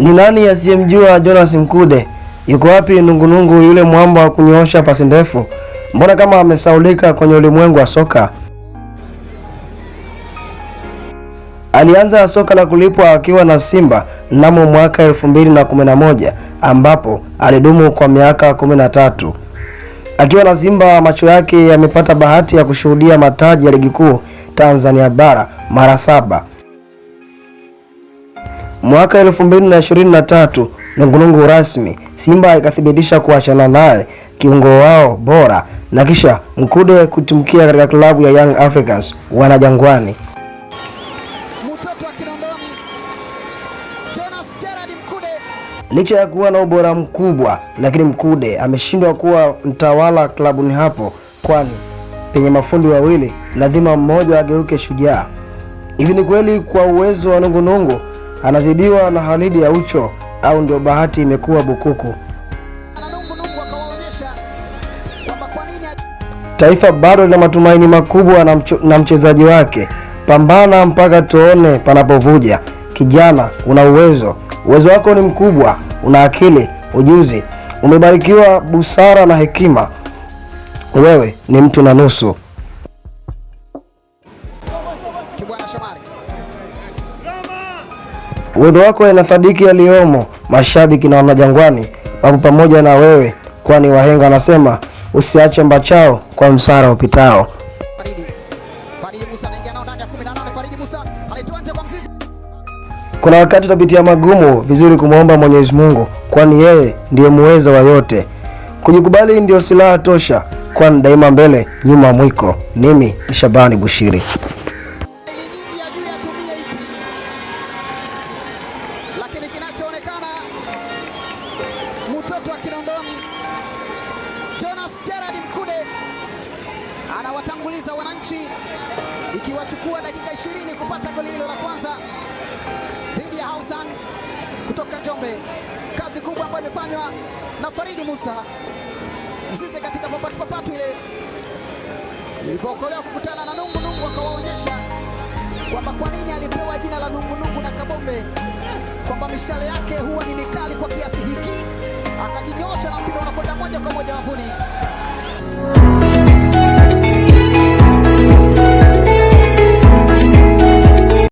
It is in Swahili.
Ni nani asiyemjua Jonas Mkude? Yuko wapi nungunungu yule mwamba wa kunyoosha pasi ndefu? Mbona kama amesaulika kwenye ulimwengu wa soka? Alianza soka la kulipwa akiwa na Simba mnamo mwaka 2011 ambapo alidumu kwa miaka 13 akiwa na Simba. Macho yake yamepata bahati ya kushuhudia mataji ya ligi kuu Tanzania bara mara saba Mwaka 2023 nungunungu rasmi Simba ikathibitisha kuachana naye kiungo wao bora na kisha Mkude kutumkia katika klabu ya Young Africans Jangwani. Licha ya kuwa na ubora mkubwa, lakini Mkude ameshindwa kuwa mtawala klabuni hapo, kwani penye mafundi wawili lazima mmoja ageuke shujaa. Hivi ni kweli kwa uwezo wa Nungunungu anazidiwa na halidi ya ucho au ndio bahati imekuwa bukuku? Taifa bado lina matumaini makubwa na, na mchezaji wake. Pambana mpaka tuone panapovuja. Kijana, una uwezo, uwezo wako ni mkubwa, una akili, ujuzi, umebarikiwa busara na hekima. Wewe ni mtu na nusu. Uwezo wako sadiki yaliyomo. Mashabiki na wanajangwani wapo pamoja na wewe, kwani wahenga wanasema usiache mbachao kwa msara upitao. Kuna wakati utapitia magumu, vizuri kumwomba Mwenyezi Mungu, kwani yeye ndiye muweza wa yote. Kujikubali ndiyo silaha tosha, kwani daima mbele, nyuma mwiko. Mimi ni Shabani Bushiri. mtoto wa Kinondoni Jonas Gerard Mkude anawatanguliza wananchi, ikiwachukua dakika 20 kupata goli hilo la kwanza dhidi ya Hausan kutoka Njombe. Kazi kubwa ambayo imefanywa na Faridi Musa Mzize katika papatu papatu ile ilipookolewa kukutana na Nungu Nungu, akawaonyesha kwamba kwa nini alipewa jina la Nungu Nungu na Kabombe, kwamba mishale yake huwa ni mikali wachezaji nyosha na mpira unakwenda moja kwa moja wavuni.